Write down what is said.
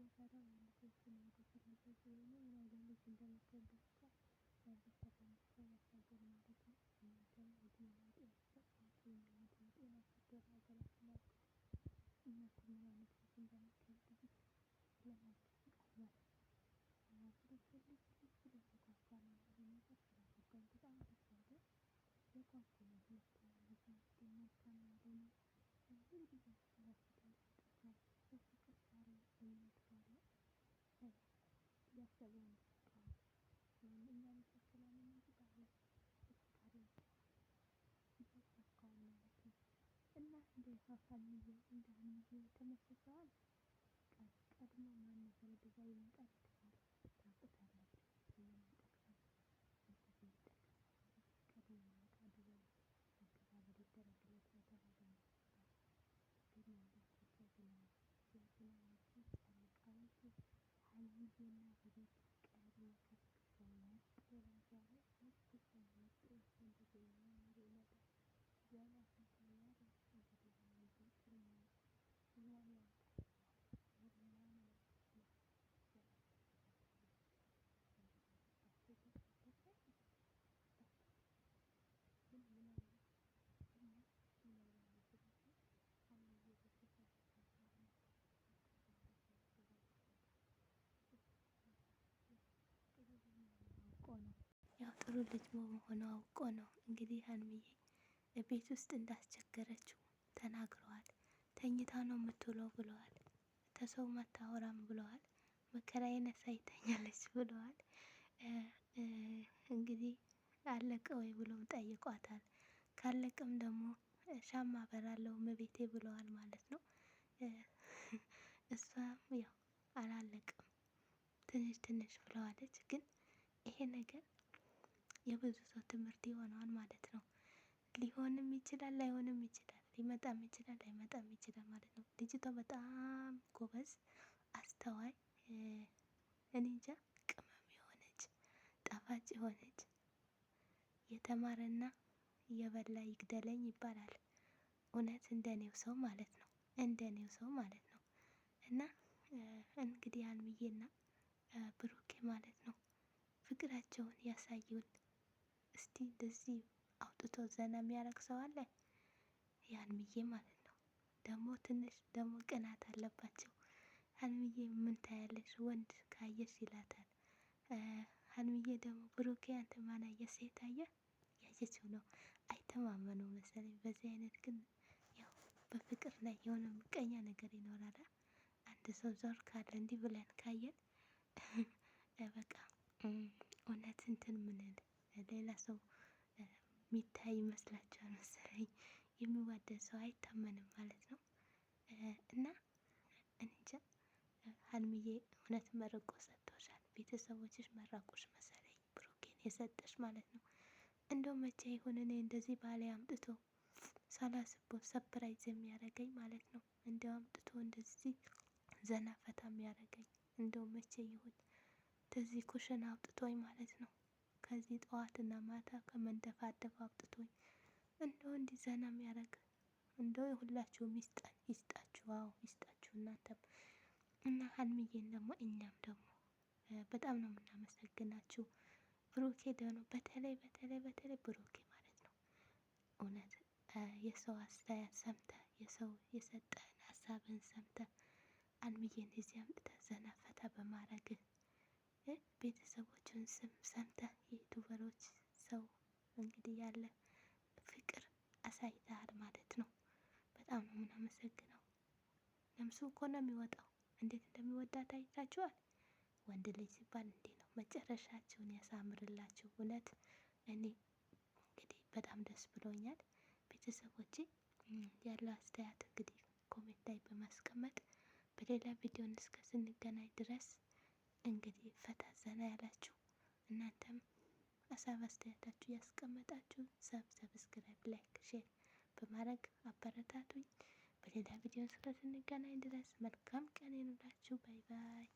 መሳሪያ ያለበት ነገር ስለሆነ ምን አይነት ልጅ እንደምትወልድ ብቻ በዚያ እንመሰክራለን ወይም እናመሰክራለን እንጂ በአላህ ይሳካዋል ማለት ነው። እና እንደ ሀሳብዬ እንደ አንዬ ተመልሰዋል። ቀድሞ ማን ነበር ወደዛ ይመጣል ጥሩ ልጅ በመሆኑ አውቆ ነው እንግዲህ ሀይሚዬ ቤት ውስጥ እንዳስቸገረችው ተናግረዋል። ተኝታ ነው የምትውለው ብለዋል። ተሰው ማታወራም ብለዋል። መከራዬን አሳይታኛለች ብለዋል። እንግዲህ አለቀ ወይ ብሎም ጠይቋታል። ካለቀም ደግሞ ሻማ አበራለሁ መቤቴ ብለዋል ማለት ነው። እሷም ያው አላለቀም ትንሽ ትንሽ ብለዋለች ግን የብዙ ሰው ትምህርት ይሆነዋል ማለት ነው። ሊሆንም ይችላል ላይሆንም ይችላል ሊመጣም ይችላል ላይመጣም ይችላል ማለት ነው። ልጅቷ በጣም ጎበዝ፣ አስተዋይ፣ እኔ እንጃ ቅመም የሆነች ጣፋጭ የሆነች የተማረና የበላ ይግደለኝ ይባላል። እውነት እንደኔው ሰው ማለት ነው። እንደኔው ሰው ማለት ነው። እና እንግዲህ ሀይሚዬና ብሩኬ ማለት ነው ፍቅራቸውን ያሳዩን። እስቲ እንደዚህ አውጥቶ ዘና የሚያደርግ ሰው አለ? ሀይሚዬ ማለት ነው። ደግሞ ትንሽ ደግሞ ቅናት አለባቸው። ሀይሚዬ ምን ታያለሽ ወንድ ካየሽ ይላታል። ሀይሚዬ ደግሞ ብሩኬ አንተ ማን አየህ ሴት አየህ ያየችው ነው። አይተማመኑ መሰለኝ። በዚህ አይነት ግን ያው በፍቅር ላይ የሆነ ምቀኛ ነገር ይኖራል። አንድ ሰው ዞር ካለ እንዲህ ብለን ካየን በቃ እውነት እንትን ምንል ሌላ ሰው የሚታይ ይመስላችኋል መሰለኝ። የሚዋደድ ሰው አይታመንም ማለት ነው እና እንጃ ሀልምዬ እውነት መርቆ ሰጥቶሻል። ቤተሰቦችሽ መራቁሽ መሰለኝ ብሩኬን የሰጠሽ ማለት ነው። እንደው መቼ ይሁን እኔ እንደዚህ ባለ አምጥቶ ሳላስቦ ሰፕራይዝ የሚያደርገኝ ማለት ነው። እንደው አምጥቶ እንደዚህ ዘና ፈታ የሚያደርገኝ እንደው መቼ ይሆን እንደዚህ ኩሽን አውጥቶኝ ማለት ነው። ከዚህ ጠዋትና ማታ ከመንደፋደፍ አውጥቶኝ እንደው እንዲህ ዘና የሚያደርግ እንደው የሁላችሁም ይስጠን ይስጣችሁ። አዎ ይስጣችሁ እናንተም እና ሀልሚዬን ደግሞ እኛም ደግሞ በጣም ነው የምናመሰግናችሁ። ብሩኬ ደግሞ በተለይ በተለይ በተለይ ብሩኬ ማለት ነው እውነት የሰው አስተያየት ሰምተ የሰው የሰጠህን ሀሳብህን ሰምተ ሀልሚዬን እዚህ አምጥተ ዘና ፈታ በማድረግ ቤተሰቦችን ስም ሰምተ ነገሮች ሰው እንግዲህ ያለ ፍቅር አሳይተሃል ማለት ነው። በጣም ነው የምናመሰግነው። ነፍሱ እኮ ነው የሚወጣው። እንዴት እንደሚወዳት አይታችኋል። ወንድ ልጅ ሲባል እንዲህ ነው። መጨረሻችሁን ያሳምርላችሁ። እውነት እኔ እንግዲህ በጣም ደስ ብሎኛል። ቤተሰቦቼ ያለው አስተያየት እንግዲህ ኮሜንት ላይ በማስቀመጥ በሌላ ቪዲዮን እስከ ስንገናኝ ድረስ እንግዲህ ፈታ ዘና ያላችሁ እናንተም ሀሳብ አስተያየታችሁ ያስቀመጣችሁ ሰብ ሰብስክራይብ፣ ላይክ፣ ሼር በማድረግ አበረታቱኝ። በሌላ ቪዲዮ እስከምንገናኝ ድረስ መልካም ቀን ይኑራችሁ። ባይ ባይ።